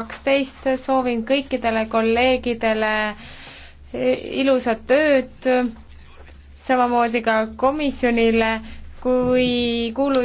kaksteist, soovin kõikidele kolleegidele eh, ilusat tööd, samamoodi ka komisjonile, kui kuulu-